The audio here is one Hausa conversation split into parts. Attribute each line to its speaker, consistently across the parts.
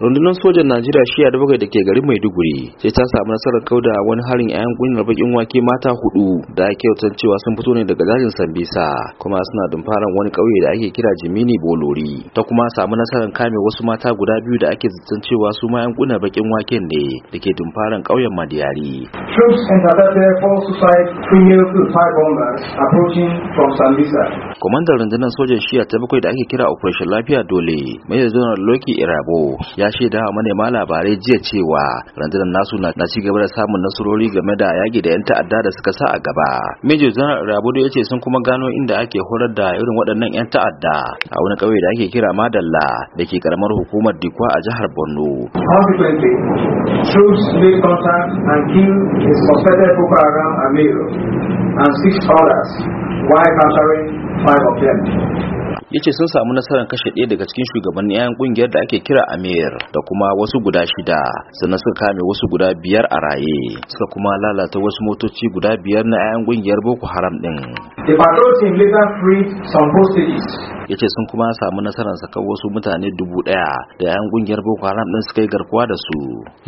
Speaker 1: rundunar sojan najeriya shiya da bakwai da ke garin maiduguri sai ta samu nasarar kauda wani harin yayan kungiyar bakin wake mata hudu da ake yautar cewa sun fito ne daga dajin sambisa kuma suna dumfaran wani kauye da ake kira jimini bolori ta kuma samu nasarar kame wasu mata guda biyu da ake zaton cewa su ma yan kungiyar bakin waken ne da ke dumfaran kauyen madiyari Kwamandan rundunar sojan shiya ta bakwai da ake kira operation lafiya dole mai zonar loki irabo ya shaida wa manema labarai jiya cewa rundunar nasu na ci gaba da samun nasarori game da yaƙi da 'yan ta'adda da suka sa a gaba major general rabudu ya ce sun kuma gano inda ake horar da irin waɗannan 'yan ta'adda a wani ƙauye da ake kira madalla da ke karamar hukumar dikwa a jihar borno and six others while five of them. ya ce sun samu nasarar kashe ɗaya daga cikin shugaban 'ya'yan kungiyar da ake kira amir da kuma wasu guda shida sannan suka kame wasu guda biyar a raye suka kuma lalata wasu motoci guda biyar na 'ya'yan kungiyar boko haram din. The patrol team later freed some hostages ya ce sun kuma samu nasarar saka wasu mutane dubu ɗaya da 'yan ƙungiyar boko haram ɗin suka yi garkuwa da su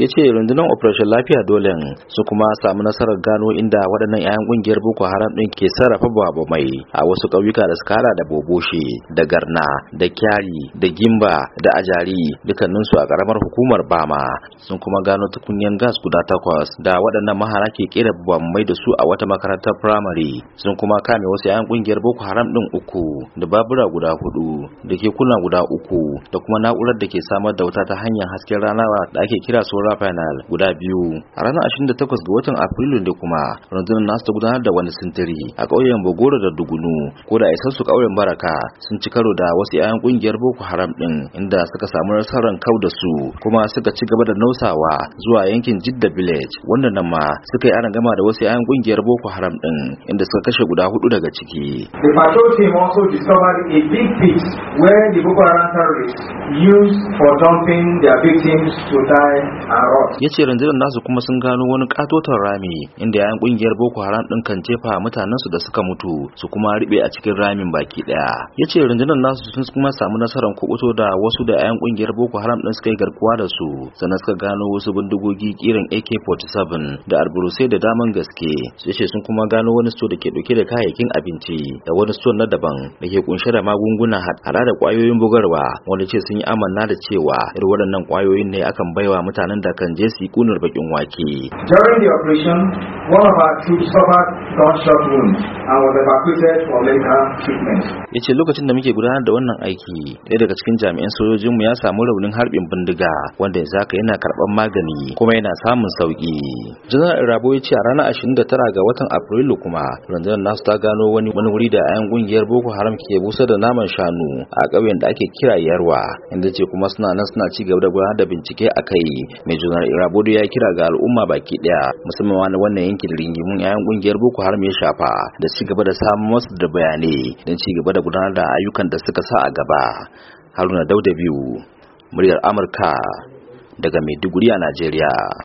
Speaker 1: ya ce rundunar operation lafiya dolen su kuma samu nasarar gano inda waɗannan 'yan ƙungiyar boko haram ɗin ke sarrafa babu mai a wasu ƙauyuka da suka hada da boboshe da garna da kyari da gimba da ajari dukkaninsu a karamar hukumar bama sun kuma gano tukunyar gas guda takwas da waɗannan mahara ke kera mai da su a wata makarantar firamare sun kuma kame wasu 'yan ƙungiyar boko haram din uku da babura guda guda hudu da ke kunna guda uku da kuma na'urar da ke samar da wuta ta hanyar hasken rana da ake kira solar panel guda biyu a ranar 28 ga watan afrilu da kuma rundunar nasu ta gudanar da wani sintiri a ƙauyen bogoro da dugunu ko da isar su ƙauyen baraka sun ci karo da wasu 'ya'yan ƙungiyar boko haram din inda suka samu nasarar kau da su kuma suka ci gaba da nausawa zuwa yankin jidda village wanda nan ma suka yi ana gama da wasu 'ya'yan ƙungiyar boko haram din inda suka kashe guda hudu daga ciki the patrol team also discovered a big pits where the Boko Haram terrorists use for dumping their victims to die and rot. Ya ce rundunar nasu kuma sun gano wani katoton rami inda yayan kungiyar Boko Haram din kan jefa mutanensu da suka mutu su kuma ribe a cikin ramin baki daya. Ya ce rundunar nasu sun kuma samu nasarar kubuto da wasu da yayan kungiyar Boko Haram din suka yi garkuwa da su sannan suka gano wasu bindigogi kiran AK-47 da alburusai da daman gaske. Ya ce sun kuma gano wani sto da ke dauke da kayayyakin abinci da wani sto na daban da ke kunshe da magu magungunan hadara da kwayoyin bugarwa wanda ce sun yi amanna da cewa irin waɗannan kwayoyin ne akan baiwa mutanen da kan je su yi kunar bakin wake. During the operation, one of our troops suffered gunshot wounds and was evacuated for later treatment. Ya lokacin da muke gudanar da wannan aiki, ɗaya daga cikin jami'an sojojinmu ya samu raunin harbin bindiga wanda yanzu haka yana karɓar magani kuma yana samun sauƙi. Janar rabo ya ce a ranar 29 ga watan Afrilu kuma rundunar nasu ta gano wani wani wuri da 'yan ƙungiyar Boko Haram ke busa da nama naman shanu a ƙauyen da ake kira yarwa inda ce kuma suna nan suna ci gaba da gudanar da bincike a kai mai junar irabodo ya kira ga al'umma baki ɗaya musamman na wannan yankin ringimun yayan ƙungiyar boko haram ya shafa da ci gaba da samun wasu da bayanai don ci gaba da gudanar da ayyukan da suka sa a gaba haruna dauda biyu muryar amurka daga maiduguri a najeriya